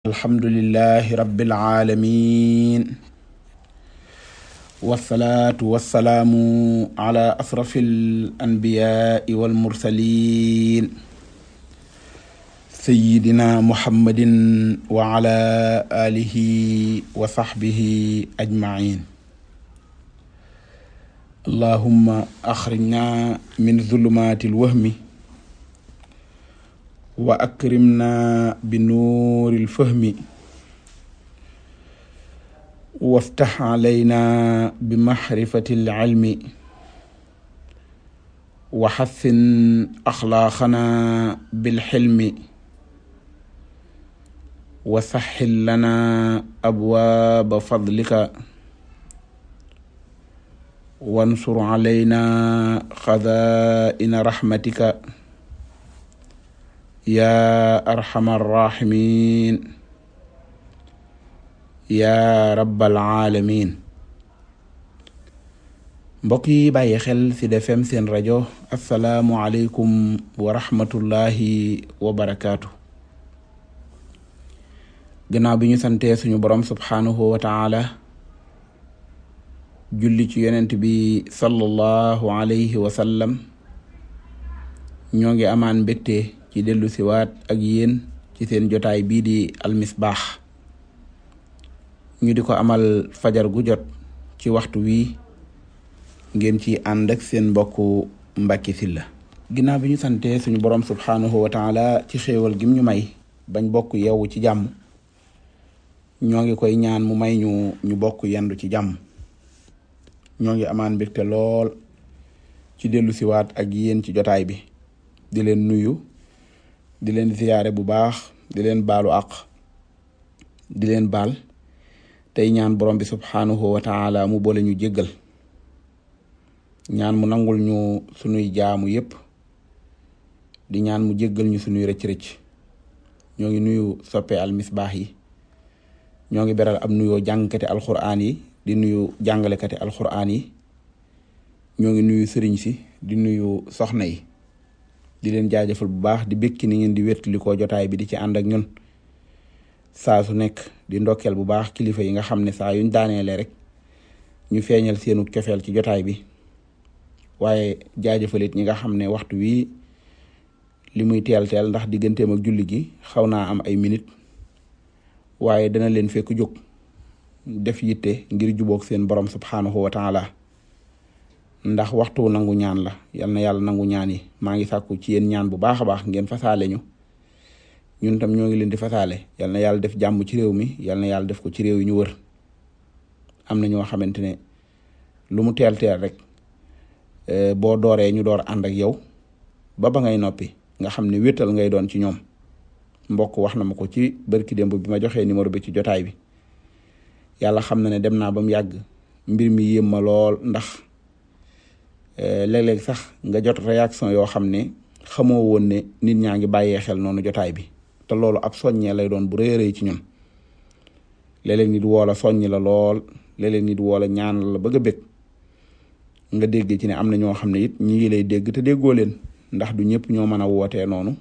alhamdulilahi rabbil aalamiin wasalaatu wasalaamu ala asrafil anbiyaai wal mursaliin sayyidina muhammadin wa ala aalihi wa saxbihi ajmaciin allahumma axrijnaa min zulumaati lwahmi wa akrimna bi nuuril fahmi waftax alayna bi maxrifati alcilmi wa xathin axlaaqana bilxilmi wa saxil lana abwaaba fadlika wansur alayna xazaa'ina raxmatika yaa arhamar raahimiin yaa rabbal aalamiin mbokk yi bàyyi xel ci seen rajo asalaamu aleykum wa rahmatullahi wa barakaatu. gannaaw bi ñu santee suñu borom subhaanahu wa julli ci yonent bi sallallahu alayhi wa ñoo ngi amaan mbégte ci dellu siwaat ak yéen ci seen jotaay bii di almisbaax ñu di ko amal fajar gu jot ci waxtu wii ngeen ci ànd seen mbokku Mbàkke Sylla ginnaaw bi ñu santee suñu borom subhaanahu wa taala ci xéewal gim ñu may bañ bokk yeewu ci jàmm ñoo ngi koy ñaan mu may ñu ñu bokk yendu ci jàmm ñoo ngi amaan mbégte lool ci dellu siwaat ak yéen ci jotaay bi di leen nuyu di leen ziyaare bu baax di leen baalu àq di leen baal tey ñaan borom bi subxanahu wa ta'ala mu boole ñu jéggal ñaan mu nangul ñu sunuy jaamu yépp di ñaan mu jéggal ñu sunuy rëcc-rëcc ñoo ngi nuyu soppe al misbaax yi ñoo ngi beral ab nuyoo jàngkati alxuraan yi di nuyu jàngalekati alxuraan yi ñoo ngi nuyu sëriñ si di nuyu soxna yi. di leen jaajëfal bu baax di békki ni ngeen di wétali koo jotaay bi di ci ànd ak ñun saa su nekk di ndokkeel bu baax kilifa yi nga xam ne saa yuñ daaneele rek ñu feeñal seenu cofeel ci jotaay bi waaye jaajëfalit ñi nga xam ne waxtu wii li muy teel-teel ndax digganteem ak julli gi xaw naa am ay minit waaye dana leen fekk jóg def yitte ngir jubóog seen borom subhaanahu wa taala ndax waxtu nangu ñaan la yal na yàlla nangu ñaan yi maa ngi sàkku ci yéen ñaan bu baax a baax ngeen fasaale ñu ñun tam ñoo ngi leen di fasaale yal na yàlla def jàmm ci réew mi yal na yàlla def ko ci réew yi ñu wër am na ñoo xamante ne lu mu teel teel rek eh, boo dooree ñu door ànd ak yow baba ba ngay noppi nga xam ne wétal ngay doon ci ñoom mbokk wax na ma ko ci barki démb bi ma joxee numéro bi ci jotaay bi yàlla xam na ne dem naa ba mu yàgg mbir mi yéem lool ndax. Euh, léeg-léeg sax nga jot réaction yoo xam ne xamoo woon ne nit ñaa ngi bàyyee xel noonu jotaay bi te loolu ak soññee lay doon bu rëy rëy ci ñun léeg-léeg nit woo soññi la lool léeg-léeg nit woo ñaan la bëgg a bëgg nga dégg ci ne am na ñoo xam ne it ñi ngi lay dégg te déggoo leen ndax du ñëpp ñoo mën a wootee noonu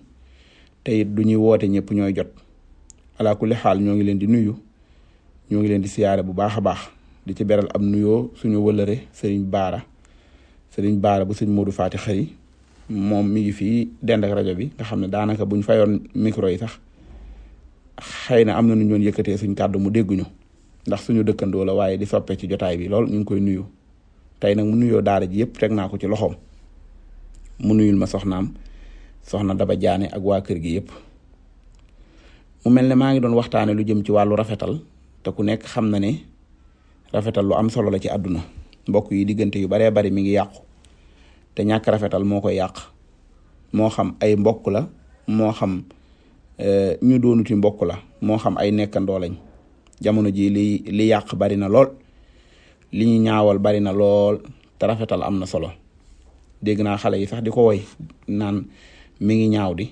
te it du ñuy woote ñëpp ñooy jot ala kulli xaal ñoo ngi leen di nuyu ñoo ngi leen di siyaare bu baax a baax di ci beral ab nuyoo suñu wëlëre sëriñ baara sëriñ Baara ba suñ Modou Faati xëy moom mi ngi fii dend ak rajo bi nga xam ne daanaka buñ fayoon micro yi sax xëy na am na nuñ woon yëkkatee suñ kàddu mu dégguñu ndax suñu dëkkandoo la waaye di soppe ci jotaay bi lool ñu koy nuyu tey nag mu nuyoo daara ji yëpp teg naa ko ci loxoom mu nuyul ma soxnaam soxna Daba Jaane ak waa kër gi yëpp mu mel ne maa ngi doon waxtaanee lu jëm ci wàllu rafetal te ku nekk xam na ne rafetal lu am solo la ci àdduna mbokk yi diggante yu baree bari mi ngi yàqu te ñàkk rafetal moo koy yàq moo xam ay mbokk la moo xam eh, ñu uh, doonuti mbokk la moo xam ay nekkandoo lañ jamono ji li li yàq bari na lool li ñu ñaawal bari na lool te rafetal am na solo dégg naa xale yi sax di ko woy naan mi ngi ñaaw di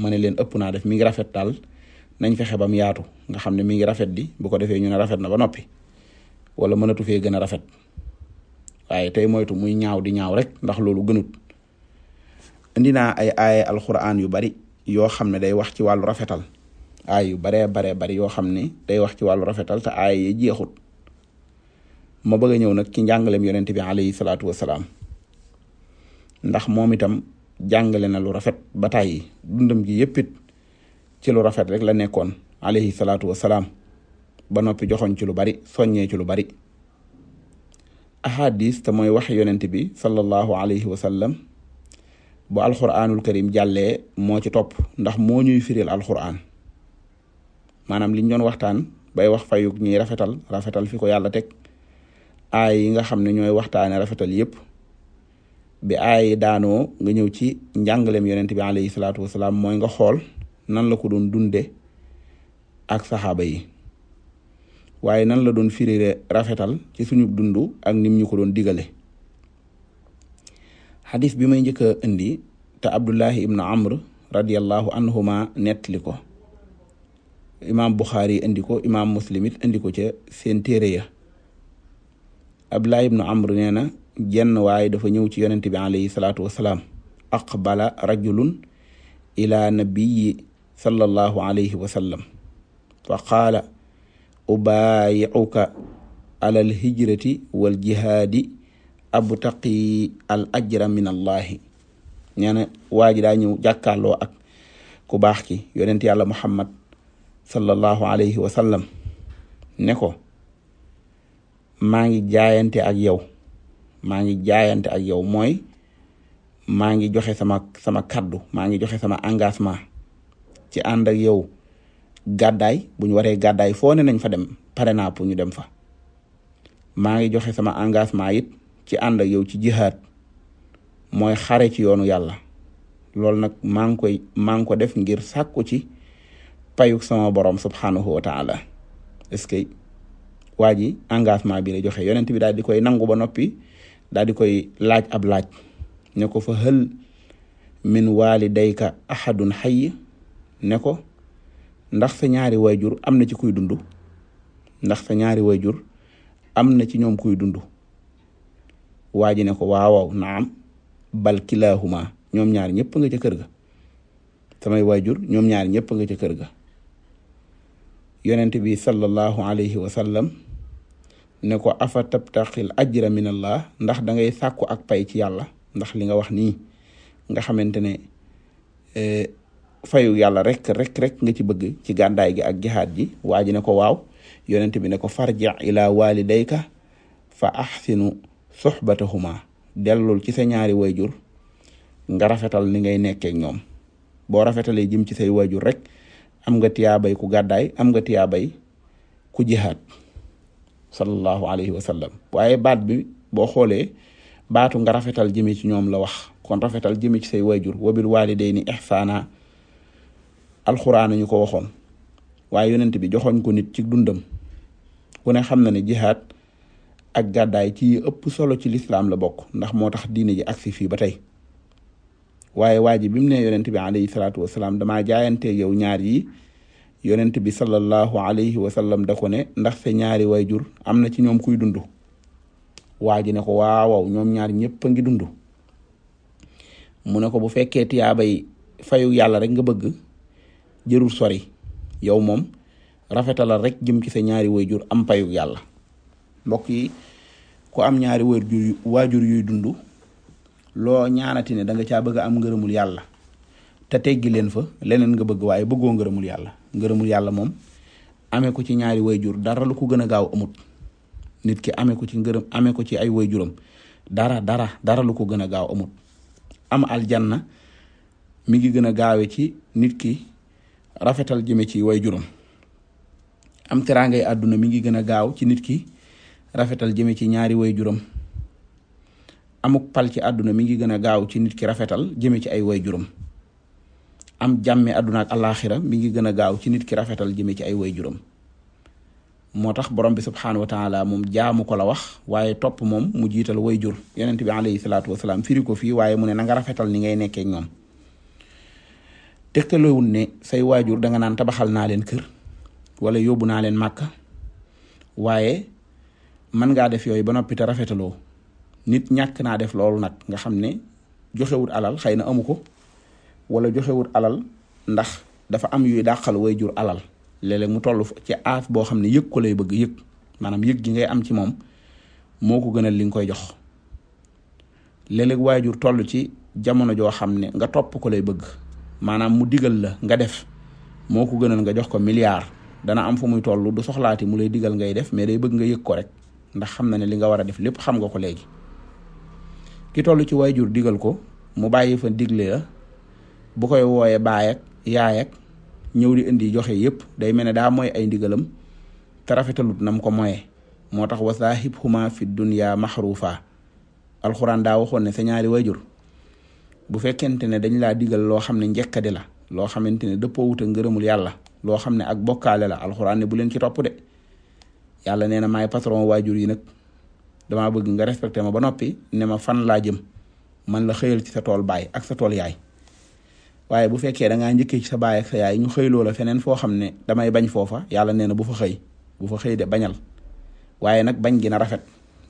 ma ne leen ëpp naa def mi ngi rafet daal nañ fexe ba mu yaatu nga xam ne mi ngi rafet di bu ko defee ñu ne rafet na ba noppi wala mënatu fee gën a rafet waaye tey moytu muy ñaaw di ñaaw rek ndax loolu gënut indi naa ay aaye alxuraan yu bari yoo xam ne day wax ci wàllu rafetal aay yu baree baree bari yoo xam ne day wax ci wàllu rafetal te aay yi jeexut ma bëgg a ñëw nag ci njàngaleem yonent bi alayhi salaatu wasalaam ndax moom itam jàngale na lu rafet ba tàyyi dundam gi yëppit ci lu rafet rek la nekkoon alayhi salaatu wasalaam ba noppi joxoñ ci lu bari soññee ci lu bari ahadis te mooy wax yonent bi sallallahu alayhi wa sallam bu alxuraanul karim jàllee moo ci topp ndax moo ñuy firil alxuraan maanaam liñ doon waxtaan bay wax fayug ñuy rafetal rafetal fi ko yàlla teg aay yi nga xam ne ñooy waxtaane rafetal yépp bi yi daanoo nga ñëw ci njàngaleem yonent bi alayhi salaatu wasalaam mooy nga xool nan la ko doon dunde ak saxaaba yi waaye nan la doon firire rafetal ci suñu dund ak nim ñu ko doon digale xadis bi may njëkk a indi te abdullahi ibnu amr radiallahu anhuma nettali ko imaam buxaari indi ko imaam muslim indi ko ca seen téere ya abdullahi ibnu amr nee na jenn waaye dafa ñëw ci yonente bi alayhi salaatu wasalaam aqbala rajulun ila nabiyi sallallahu alayhi wa sallam fa qaala ubaayicuka ala alhijrati wal jihaadi abtaqi al ajra min allahi nee na waa ji daa ñëw jàkkaarloo ak ku baax ki yonent yàlla muhammad sallallahu alayhi wa sallam ne ko maa ngi jaayante ak yow maa ngi jaayante ak yow mooy maa ngi joxe sama sama kaddu maa ngi joxe sama engagement ci ànd ak yow gàddaay bu ñu waree gàddaay foo ne nañ fa dem pare naa pour ñu dem fa maa ngi joxe sama engagement it ci ànd ak yow ci jihaad mooy xare ci yoonu yàlla loolu nag maa ngi koy maa ngi ko def ngir sàkku ci payuk sama borom subhanahu wa taala est-ce que waa ji engagement bi la joxe yonent bi daal di koy nangu ba noppi daal di koy laaj ab laaj ne ko fa hël min waalidayka ahadun hayy ne ko ndax sa ñaari wayjur am na ci kuy dund ndax sa ñaari wayjur am na ci ñoom kuy dund waa ji ne ko waawaaw naam bal kilaahuma ñoom ñaar ñëpp nga ca kër ga samay wayjur ñoom ñaar ñëpp nga ca kër ga yonent bi sallallahu alayhi wa ne ko afa tabtaxil ajra min ndax da ngay sàkku ak pay ci yàlla ndax li nga wax nii nga xamante ne eh, fayu yàlla rek rek rek nga ci bëgg ci gàndaay gi ak jihaad ji waa ji ne ko waaw yonent bi ne ko farji ila walidayka fa ahsinu suhbatahuma dellul ci sa ñaari wayjur nga rafetal ni ngay nekkee ñoom boo rafetale jëm ci say wayjur rek am nga tiyaabay ku gàddaay am nga tiyaabay ku jihaad sallallahu alayhi wa sallam waaye baat bi boo xoolee baatu nga rafetal jëme ci ñoom la wax kon rafetal jëme ci say wayjur wabil walidayni ihsana alxuraan ñu ko waxoon waaye yonent bi joxoñ ko nit ci dundam ku ne xam na ne jihaad ak gàddaay ci ëpp solo ci lislaam la bokk ndax moo tax diine ji agsi fii ba tey waaye waa ji bi mu ne yonent bi alayhi salaatu wasalaam damaa jaayante yow ñaar yi bi sallallahu alayhi wa sallam ne ndax sa ñaari wayjur am na ci ñoom kuy dund waa ji ne ko waawaw ñoom ñaar ñëpp ngi dundu mu ne ko bu fekkee tiyaabay fayu yàlla rek nga bëgg jërul sori yow moom rafetalal rek jëm ci sa ñaari waajur am payu yàlla mbokk yi ku am ñaari waajur waajur yuy dund loo ñaanati ne da nga caa bëgg a am ngërëmul yàlla te teggi leen fa leneen nga bëgg waaye bëggoo ngërëmul yàlla ngërëmul yàlla moom amee ko ci ñaari waajur dara lu ko gën a gaaw amut nit ki amee ko ci ngërëm amee ko ci ay waajuram dara dara dara lu ko gën a gaaw amut am aljanna mi ngi gën a gaawe ci nit ki rafetal jëme ci way juróom am teraangay àdduna mi ngi gën a gaaw ci nit ki rafetal jëme ci ñaari way juróom amuk pal ci àdduna mi ngi gën a gaaw ci nit ki rafetal jëme ci ay way juróom am jàmme àdduna ak alaaxira mi ngi gën a gaaw ci nit ki rafetal jëme ci ay way juróom moo tax borom bi subxanahu wa taala moom jaamu ko la wax waaye topp moom mu jiital way jur yonent bi alayhi salaatu wa salaam firi ko fii waaye mu ne na nga rafetal ni ngay nekkee ñoom. tegtaloowul ne say waajur danga naan tabaxal naa leen kër wala yóbbu naa leen màkka waaye mën ngaa def yooyu ba noppi rafetaloo nit ñàkk naa def loolu nag nga xam ne joxewut alal xëy na amu ko wala joxewut alal ndax dafa am yuy dàqal waajur alal léeg mu toll ci aaf boo xam ne yëg ko lay bëgg yëg maanaam yëg gi ngay am ci moom moo ko gënal li nga koy jox léeg-léeg waajur toll ci jamono joo xam ne nga topp ko lay bëgg maanaam mu digal la nga def moo ko gënal nga jox ko milliard dana am fu muy tollu du soxlaati mu lay digal ngay def mais day bëgg nga yëg ko rek ndax xam na ne li nga war a def lépp xam nga ko léegi ki toll ci way jur digal ko mu bàyyi fa digle la bu koy wooyee baay ak ñëw di indi joxe yëpp day mel ne daa mooy ay ndigalam te rafetalut nam ko moye moo tax wasaahib huma fi dunya maxruufa alxuraan daa waxoon ne sa ñaari waajur bu fekkente ne dañ laa digal loo xam ne njëkkadi la loo xamante ne dëppoo wuta ngërëmul yàlla loo xam ne ak bokkaale la alxuraan ne bu leen ci topp de yàlla nee na maay patron waajur yi nag damaa bëgg nga respecté ma ba noppi ne ma fan laa jëm man la xëyal ci sa tool baay ak sa tool yaay waaye bu fekkee da ngaa njëkkee ci sa baay ak ñu xëyloo la feneen foo xam ne damay bañ foofa yàlla nee na bu fa xëy bu fa xëy de bañal waaye nag bañ gi na rafet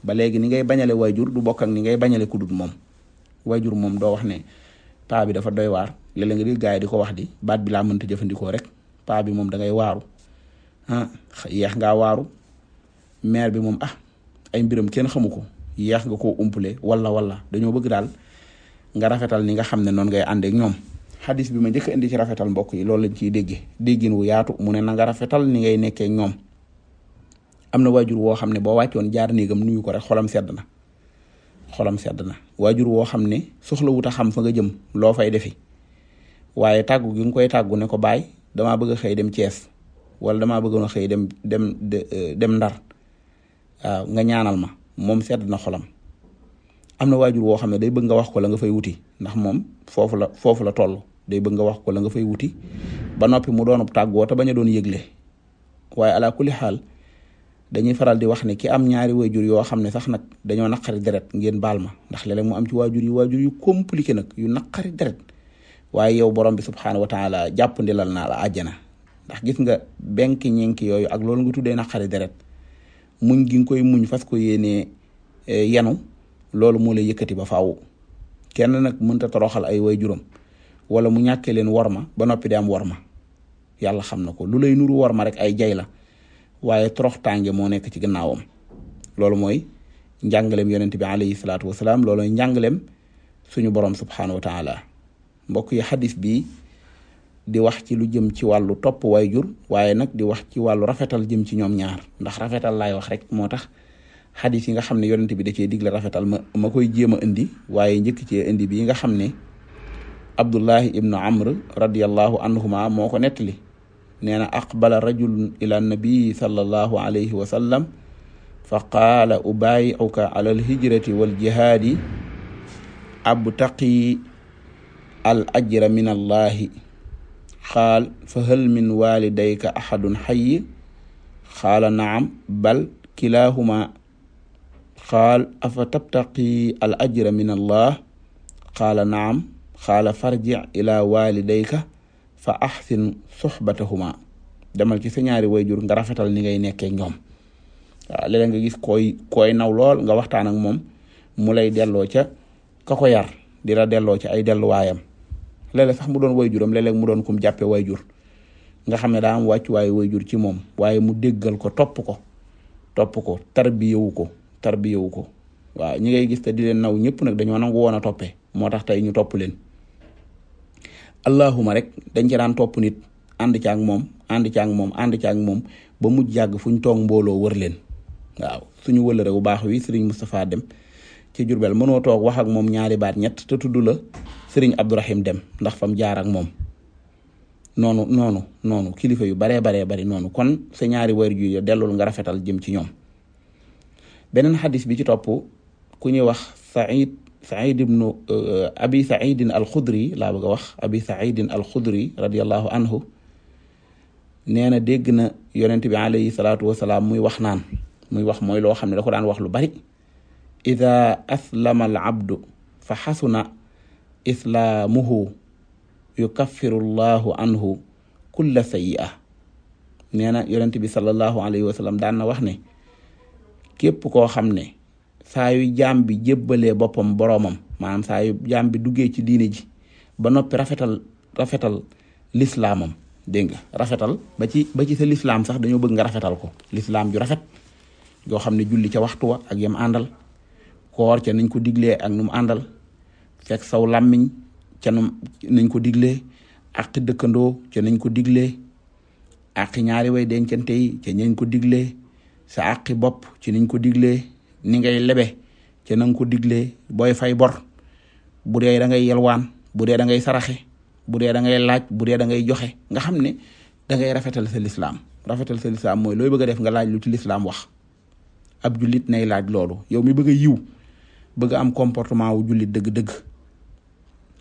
ba léegi ni ngay bañale waajur du bokk ni ngay bañale ku dul moom waajur moom doo wax ne paa bi dafa doy waar léeg nga di gars yi di ko wax di baat bi laa mënta jëfandikoo rek paa bi moom dangay waaru ah yeex ngaa waaru maire bi moom ah, ay mbiram kenn xamu ko yeex nga koo umpule wala wala dañoo bëgg daal nga rafetal ni nga xam ne noonu ngay àndeek ñoom xadis bi ma njëkk indi ci rafetal mbokk yi loolu lañ ciy déggee déggin wu yaatu mu ne na nga rafetal ni ngay nekkee ñoom am na waajur woo xam ne boo wàccoon jaar néegam nuyu ko rek xolam sedd na xolam sedd na waajur woo xam ne soxla wut a xam fa nga jëm loo fay defi waaye tàggu gi nga koy tàggu ne ko baay damaa bëgg xëy dem cees wala damaa bëggoon a xëy dem dem e, dem Ndar nga ñaanal ma moom sedd na xolam am na waajur woo xam ne day bëgg nga wax ko la nga fay wuti ndax moom foofu la foofu la toll day bëgg nga wax ko la nga fay wuti ba noppi mu doon tàggoo te bañ a doon yëgle waaye ala kulli xaal dañuy faral di wax ne ki am ñaari way jur yoo xam ne sax nag dañoo naqari deret ngeen baal ma ndax léeg-léeg mu am ci waajur yi waajur yu compliqué nag yu naqari deret waaye yow borom bi subxanahu wa taala jàppandilal naa la ajana ndax gis nga benk ñenki yooyu ak loolu nga tuddee naqari deret muñ gi nga koy muñ fas ko yéenee eh, yanu loolu moo lay yëkkati ba faaw kenn nag mënta toroxal ay way waajuram wala mu ñàkkee leen worma ba noppi di am worma yàlla xam na ko lu lay nuru worma rek ay jay waaye toroxtaange moo nekk ci gannaawam loolu mooy njàngaleem yonent bi alayhi salaatu wasalaam loolu mooy njàngaleem suñu borom subxanahu wa taala mbokk yi xadis bi di wax ci lu jëm ci wàllu topp jur waaye nag di wax ci wàllu rafetal jëm ci ñoom ñaar ndax rafetal lay wax rek moo tax xadis yi nga xam ne yonent bi da cee digle rafetal ma ma koy jéem a indi waaye njëkk cee indi bi nga xam ne Abdullahi Ibnu Amr radiyallahu anhuma moo ko nettali. nee na aqbala rajulun ila nabii sallallahu alayhi wa sallam fa qaala ubaayi'uka ala alhijrati waljihaadi abtaqi al ajra min allahi qaal fa hal min walidayka ahadun hayy qaala naam bal kilahuma qaal afa tabtaqi al ajra min allah qaala naam qaala farji ila walidayka fa ahsin suxbatahuma demal ci sa ñaari wayjur nga rafetal ni ngay nekkee ñoom waaw nga gis koy koy naw lool nga waxtaan ak moom mu lay delloo ca ka yar di la delloo ci ay delluwaayam léeg sax mu doon wayjuram léeg-léeg mu doon kum jàppee wayjur nga xam ne daa am wàccu waaye wayjur ci moom waaye mu déggal ko topp ko topp ko tarbiyewu ko tarbiyewu ko waaw ñi ngay gis te di leen naw ñëpp nag dañoo nangu woon a toppee moo tax tey ñu topp leen. allahuma rek dañ ci daan topp nit ànd ci ak moom ànd ci ak moom ànd ci ak moom ba mujj yàgg fu ñu toog mbooloo wër leen waaw suñu wëlëre wu baax wi sëriñ Moustapha Dem ci Jurbel mënoo toog wax ak moom ñaari baat ñett te tudd la sëriñ Abdourahim Dem ndax fam jaar ak moom noonu noonu noonu kilifa yu baree baree bari noonu kon sa ñaari wër ju dellul nga rafetal jëm ci ñoom beneen xadis bi ci topp ku ñuy wax Saïd Saïd ibnu euh, Abi Saïdin al-Khudri laa bëgg wax Abi Saïdin al-Khudri radiyallahu anhu nee na dégg na yonent bi alayhi salaatu wasalaam muy wax naan muy wax mooy loo xam ne da ko daan wax lu bari ida aslama al abdu fa xasuna islaamuhu yukaffiru llahu anhu kulla sayi'a nee na yonent bi sallallahu alayhi wa sallam daan na wax ne képp koo xam ne saa yu jaam bi jébbalee boppam boroomam maan saa yu jaam bi duggee ci diine ji ba noppi rafetal rafetal lislaamam dégg nga rafetal ba ci ba ci sa lislaam sax dañoo bëgg nga rafetal ko lislaam ju rafet yoo xam ne julli ca waxtu wa ak yam àndal koor ca nañ ko diglee ak nu mu àndal fekk saw làmmiñ ca nu nañ ko digle ak dëkkandoo ca nañ ko diglee ak ñaari way dencante yi ca nañ ko diglee sa àqi bopp ci niñ ko diglee ni ngay lebe ca na ko diglee booy fay bor bu dee da ngay yelwaan bu dee da ngay saraxe bu dee da ngay laaj bu dee da ngay joxe nga xam ne dangay ngay sa lislaam rafetal sa lislaam mooy looy bëgg def nga laaj lu ci lislaam wax ab julit nay laaj loolu yow mi bëgg a yiw bëgg am comportement wu jullit dëgg-dëgg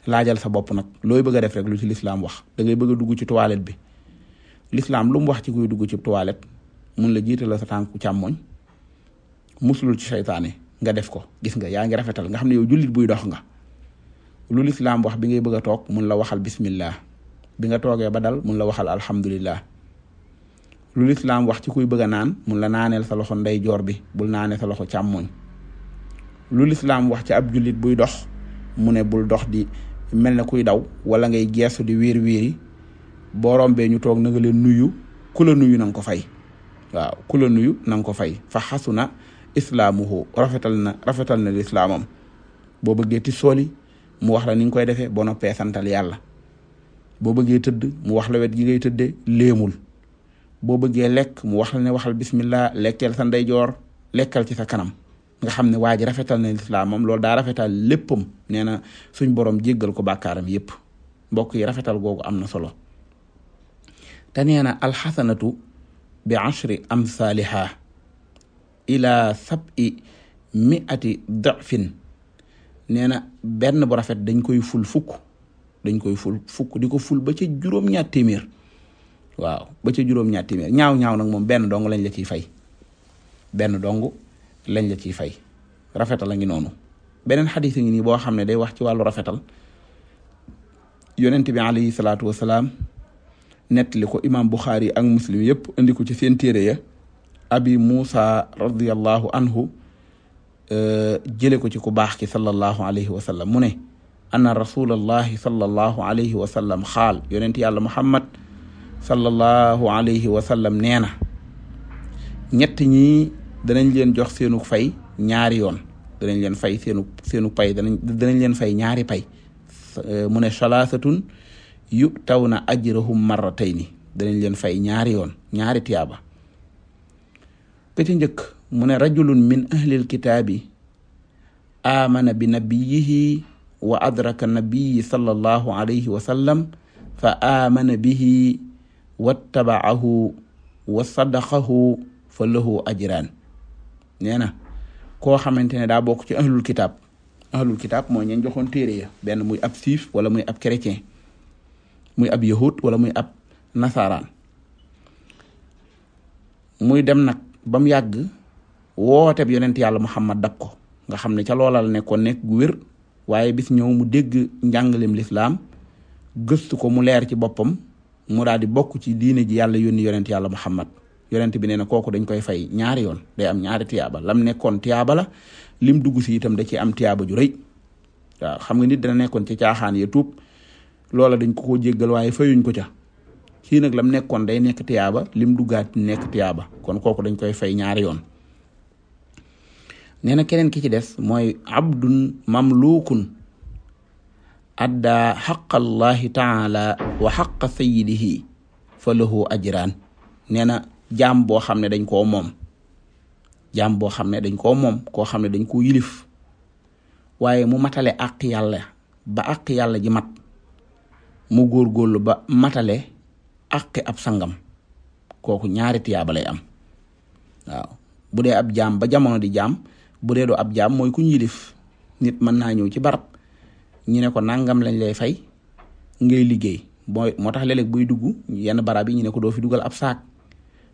laajal sa bopp nag looy bëgg a def rek lu ci lislaam wax da ngay bëgg dugg ci toilette bi lislaam lu mu wax ci kuy dugg ci toilette mun la jiital la sa tànku càmmoñ musulul ci seytaane nga def ko gis nga yaa ngi rafetal nga xam ne yow jullit buy dox nga lu lislaam wax bi ngay bëgg a toog mun la waxal bismillah bi nga toogee ba dal mun la waxal alhamdulillah lu lislaam wax ci kuy bëgg a naan mun la naaneel sa loxo ndey joor bi bul naanee sa loxo càmmoñ lu lislaam wax ci ab jullit buy dox mu ne bul dox di mel ne kuy daw wala ngay geesu di wiir wiiri boo rombee ñu toog na nga leen nuyu ku la nuyu na ko fay waaw ku la nuyu na nga ko fay islaamuhu rafetal na rafetal na lislaamam boo bëggee ti sooli mu wax la ni nga koy defee boo noppee santal yàlla boo bëggee tëdd mu wax la wet gi ngay tëddee léemul boo bëggee lekk mu wax la ne waxal bismillah lekkeel sa ndeyjoor lekkal ci sa kanam nga xam ne waa ji rafetal na lislaamam loolu daa rafetal léppam nee na suñ borom jéggal ko bàkkaaram yépp mbokk yi rafetal googu am na solo te nee na alxasanatu bi ashri amsaaliha ila sabi miati dafin nee na benn bu rafet dañ koy ful fukk koy ful fukk di ko ful ba ci juróom-ñaar téeméer waaw ba ca juróom-ñaar téeméer ñaaw ñaaw nag moom benn dong lañ la ciy fay benn dong lañ la ciy fay rafetal a ngi noonu beneen xadis ngi nii boo xam ne day wax ci wàllu rafetal yonent bi alayhi salaatu wasalaam nettali ko imaam Buxaari ak muslim yëpp indi ko ci seen téere ya abi muusa radiallahu anhu euh, jële ko ci ku baax ki sallallahu alayhi wa sallam mu ne anna rasulallahi sallallahu alayhi wa sallam xaal yonent yàlla muhammad sallallahu alayhi wa sallam nee na ñett ñii danañ leen jox seenu fay ñaari yoon danañ leen fay seenu seenu pay danañ danañ leen fay ñaari pay euh, mu ne salaasatun yu taw na ajrahum marratayni danañ leen fay ñaari yoon ñaari tiyaaba ba ci njëkk mu ne rajulun min ahlil kitaabi aamana bi nabiyihi wa adraka nabiyi sallallahu alayhi wa sallam fa aamana bihi wattabaahu wa sadaqahu fa lahu ajraan nee na koo xamante ne daa bokk ci ahlul kitaab ahlul kitaab mooy ñeen joxoon téere benn muy ab siif wala muy ab chrétien muy ab yahud wala muy ab nasaraan muy dem nag ba mu yàgg wooteb yonent yàlla Muhammad dab ko nga xam ne ca loolal nekkoon nekk gu wér waaye bis ñëw mu dégg njàngaleem lislaam gëstu ko mu leer ci boppam mu daal bokk ci diine ji yàlla yónni yonent yàlla Muhammad yonent bi nee kooku dañ koy fay ñaari yoon day am ñaari tiyaaba lam nekkoon tiyaaba la lim dugg si itam da ciy am tiyaaba ju rëy waaw xam nga nit dana nekkoon ci caaxaan ya tuub loola dañ ko ko jéggal waaye fayuñ ko ca kii nag lam nekkoon day nekk tiyaaba lim duggaat nekk tiyaaba kon kooku dañ koy fay ñaari yoon nee na keneen ki ci des mooy abdun mamluukun addaa xaqa allahi taala wa xaqa sayidihi fa lahu ajraan nee na jaam boo xam ne dañ koo moom jaam boo xam ne dañ koo moom koo xam ne dañ koo yilif waaye mu matale àq yàlla ba àq yàlla ji mat mu góorgóorlu ba matale àqi ab sangam kooku ñaari tiyaaba lay am waaw bu dee ab jaam ba jamono di jaam bu dee doo ab jaam mooy ku ñilif nit mën naa ñëw ci barab ñu ne ko nangam lañ lay fay ngay liggéey mooy moo tax léeg-léeg buy dugg yenn barab yi ñu ne ko doo fi dugal ab saak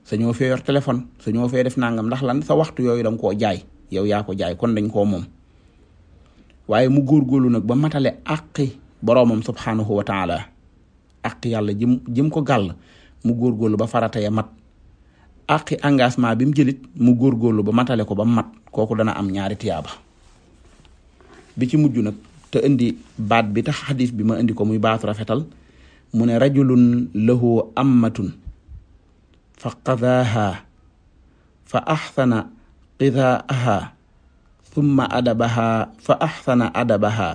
sañoo fee yor téléphone sañoo fee def nangam ndax lan sa waxtu yooyu danga koo jaay yow yaa ko jaay kon dañ ko moom waaye mu góorgóorlu nag ba matale àqi boroomam subhanahu wa àq yàlla jëm jëm ko gàll mu góorgóorlu ba farata ya mat àqi engagement bi mu jëlit mu góorgóorlu ba matale ko ba mat kooku dana am ñaari tiyaaba bi ci mujj nag te indi baat bi tax xadis bi ma indi ko muy baatu rafetal mu ne rajulun lahu ammatun fa qadaaha fa axsana qidaaha thumma adabaha fa axsana adabaha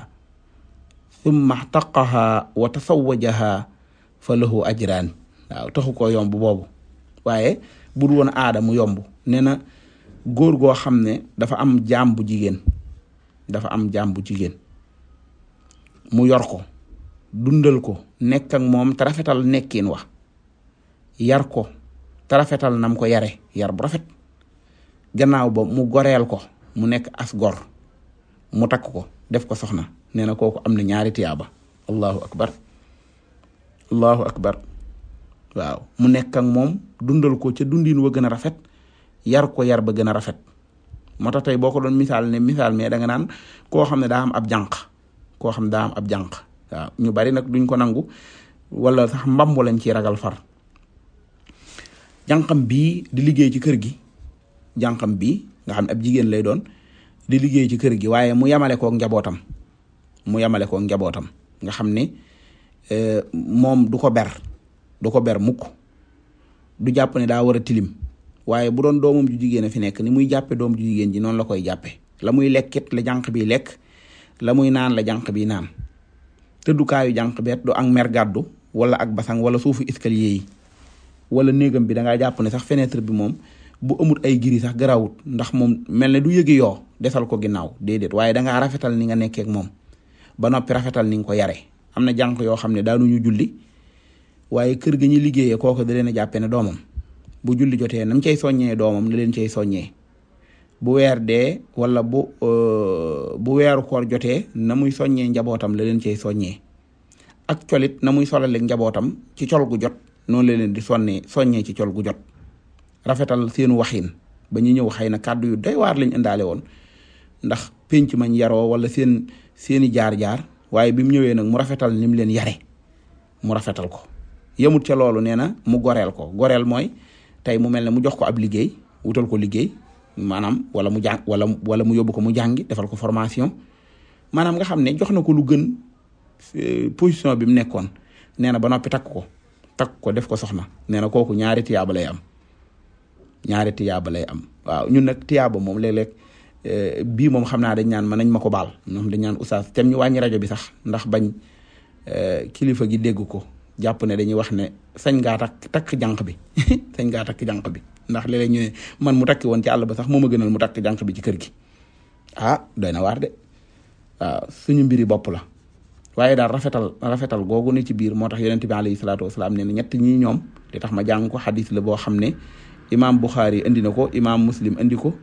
thumma axtaqaha wa tasawajaha fa lahu ajraan waaw taxu koo yomb boobu waaye bur won aada mu yomb nee na góor goo xam ne dafa am jaam bu jigéen dafa am jaam bu jigéen mu yor ko dundal ko nekk ak moom te rafetal nekkin wax yar ko te nam ko yare yar bu rafet gannaaw ba mu goreel ko mu nekk as gor mu takk ko def ko soxna nee na kooku am na ñaari tiyaaba allahu akbar allahu akbar waaw mu nekk ak moom dundal ko ca dundin wa gën a rafet yar ko yar ba gën a rafet moo tey boo ko doon misaal ne misaal mais danga naan koo xam ne daa am ab jànq koo xam ne daa am ab jànq waaw ñu bari nag duñ ko nangu wala sax mbambu lañ ci ragal far jànqam bii di liggéey ci kër gi jànqam bii nga xam ab jigéen lay doon di liggéey ci kër gi waaye mu yamale koog njabootam mu yamale koog njabootam nga xam ne Euh, moom du ko ber du ko ber mukk du jàpp ne daa war a tilim waaye bu doon doomam ju jigéen a fi nekk ni muy jàppe doom ju jigéen ji noonu la koy jàppe la muy lekkit la jànq bi lekk la muy naan la jànq bi naan tëddukaayu jànq beet du ak mer gàddu wala ak basang wala suufu escalier yi wala néegam bi dangaa jàpp ne sax fenêtre bi moom bu amut ay giri sax garawut ndax moom mel ne du yëgi yoo desal ko ginnaaw déedéet waaye dangaa rafetal ni nga nekkeek moom ba noppi rafetal ni nga ko yare am na jànq yoo xam ne daanuñu julli waaye kër gi ñu liggéeyee kooku da leen a jàppe ne doomam bu julli jotee nam cay soññee doomam la leen cay soññee bu weer dee wala bu euh, bu weeru koor jotee na muy soññee njabootam la leen cay soññee ak colit na muy solaleeg njabootam ci col gu jot noonu la leen di sonnee soññee ci col gu jot rafetal seenu waxin ba ñu ñëw xëy na kàddu yu doy waar lañ indaale woon ndax ci mañ yaroo wala seen seeni jaar-jaar waaye bi mu ñëwee nag mu rafetal ni mu leen yare mu rafetal ko yemut ca loolu nee na mu goreel ko goreel mooy tey mu mel ne mu jox ko ab liggéey wutal ko liggéey maanaam wala mu jàng wala wala mu yóbbu ko mu jàngi defal ko formation maanaam nga xam ne jox na ko lu gën euh, position bi mu nekkoon nee na ba noppi takk ko takk ko def ko soxna nee na kooku ñaari tiyaaba lay am ñaari tiyaaba lay am waaw ñun na tiyaaba moom léeg lekk Eh, bii moom xam naa dañ ñaan mën nañ ma ko baal ñoom dañ ñaan oustaz tem ñu wàññi rajo bi sax ndax bañ eh, kilifa gi dégg ko jàpp ne dañuy wax ne sañ ngaa takk takk bi sañ ngaa jànq bi ndax léeg-léeg man mu takki woon ci àll ba sax moom ma gënal mu takk jànq bi ci kër gi ah doy na waar de suñu mbiri bopp la waaye daal rafetal rafetal googu ne ci biir moo tax yonent bi alayhi salaatu wasalaam ne ñett ñi ñoom li tax ma jàng ko xadis la boo xam ne imaam Buxaari indi na ko imaam Muslim indi ko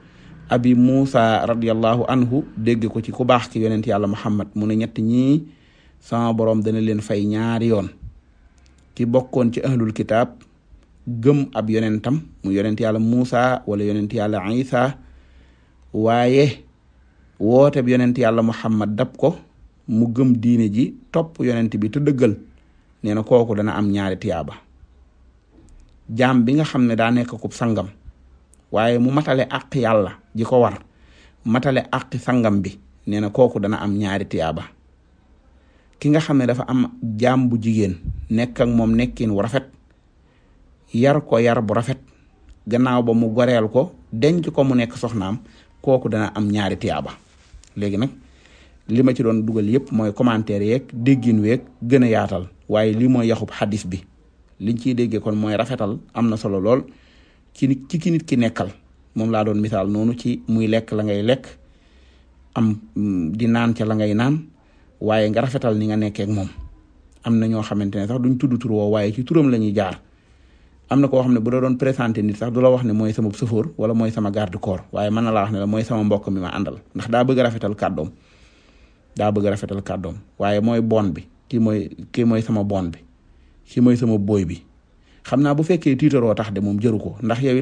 abi Muusa radiyallahu anhu dégg ko ci ku baax ki yonent yàlla Muhammad mu ne ñett ñi sama borom dana leen fay ñaari yoon ki bokkoon ci ahlul gëm ab yonentam mu yonent yàlla Muusa wala yonent yàlla Isa waaye woote bi yonent yàlla Muhammad dab ko mu gëm diine ji topp yonent bi te dëggal nee na kooku dana am ñaari tiyaaba jaam bi nga xam ne daa nekk ku sangam waaye mu matale àq yàlla ji ko war matale àqi sangam bi nee na kooku dana am ñaari tiyaaba ki nga xam ne dafa am jaam bu jigéen nekk ak moom nekkin wu rafet yar ko yar bu rafet gannaaw ba mu goreel ko denc ko mu nekk soxnaam kooku dana am ñaari tiyaaba léegi nag li ma ci doon dugal yépp mooy commentaire yeeg déggin weeg gën a yaatal waaye lii mooy yaxub xadis bi liñ ciy déggee kon mooy rafetal am na solo lool ci nit ci ki nit ki nekkal moom laa doon misaal noonu ci muy lekk la ngay lekk am mm, di naan ca la ngay naan waaye nga rafetal ni nga nekkee moom am na ñoo xamante ne sax duñ tudd tur woo waaye ci turam la ñuy jaar am na koo xam ne bu da doon présenté nit sax du la wax ne mooy sama chauffeur wala mooy sama garde corps mën na laa wax ne mooy sama mbokk mi ma àndal ndax daa bëgg rafetal kàddoom daa bëgg rafetal kàddoom waaye mooy bon bi kii mooy kii mooy sama bon bi kii moy sama booy bi xam naa bu fekkee tiitaroo tax de moom jëru ko ndax yow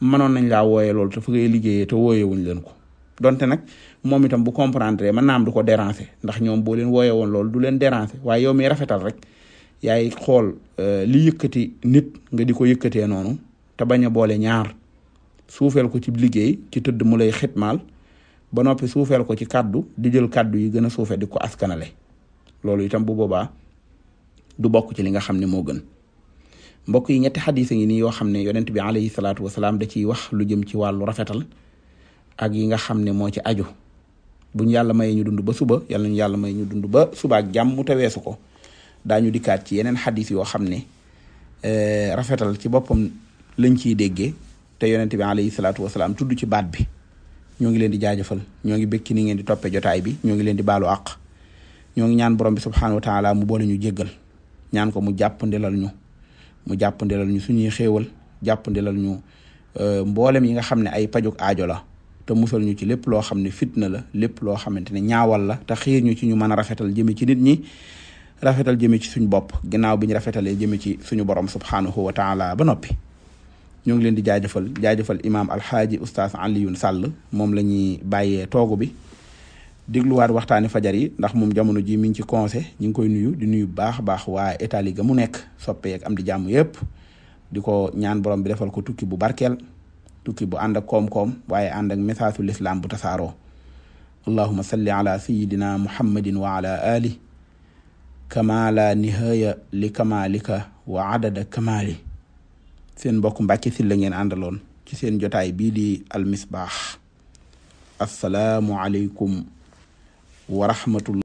mënoon nañ laa wooyee loolu te fa ngay liggéeyee te wooyee wuñ leen ko donte nag moom itam bu comprendre man naam du ko déranger ndax ñoom boo leen wooyee woon loolu du leen déranger waaye yow mi rafetal rek yaay xool euh, li yëkkati nit nga di ko yëkkatee noonu te bañ a boole ñaar suufeel ko ci liggéey ci tëdd mu lay xitmaal ba noppi suufeel ko ci kàddu di jël kàddu yi gën a suufe di ko askanale loolu itam bu boobaa du bokk ci li nga xam ne moo gën mbokk yi ñetti xadis ngi nii yoo xam ne yonent bi alayhi salaatu wasalaam da ciy wax lu jëm ci wàllu rafetal ak yi nga xam ne moo ci aju buñ yàlla mayee ñu dund ba suba yàlla ñu yàlla may ñu dund ba suba ak jàmm mu teweesu ko daañu dikkaat ci yeneen xadis yoo xam ne eh, rafetal ci boppam lañ ciy déggee te yonent bi alayhi salaatu wasalaam tudd ci baat bi ñoo ngi leen di jaajëfal ñoo ngi békki ni ngeen di toppee jotaay bi ñoo ngi leen di baalu àq ñoo ngi ñaan borom bi subxanahu wa taala mu boole ñu jéggal ñaan ko mu jàppandilal ñu. mu jàppandilal ñu suñuy xéewal jàppandilal ñu euh, mboolem yi nga xam ne ay pajuk aajo la te musal ñu ci lépp loo xam ne fitna la lépp loo xamante ne ñaawal la te xiir ñu ci ñu mën a rafetal jëme ci nit ñi rafetal jëme ci suñu bopp ginnaaw bi ñu rafetalee jëme ci suñu borom subhaanahu wa taala ba noppi ñoo ngi leen di jaajëfal jaajëfal imaam alxaaji oustaz Alioune sàll moom la ñuy bàyyee toogu bi dégluwaat waxtaani fajar yi ndax moom jamono ji mi ngi ci conseil ñu ngi koy nuyu di nuyu baax baax waa Italie ga mu nekk soppeek am di jàmm yépp di ko ñaan borom bi defal ko tukki bu barkeel tukki bu ànd ak koom-koom waaye ànd ak message ul bu tasaaroo allahuma salli ala sayidina muhammadin wa ala ali kama la nihaya li kamalika wa adada kamali seen mbokk Mbàkke Sylla ngeen àndaloon ci seen jotaay bii di almisbaax asalaamualeykum wa rahmatullah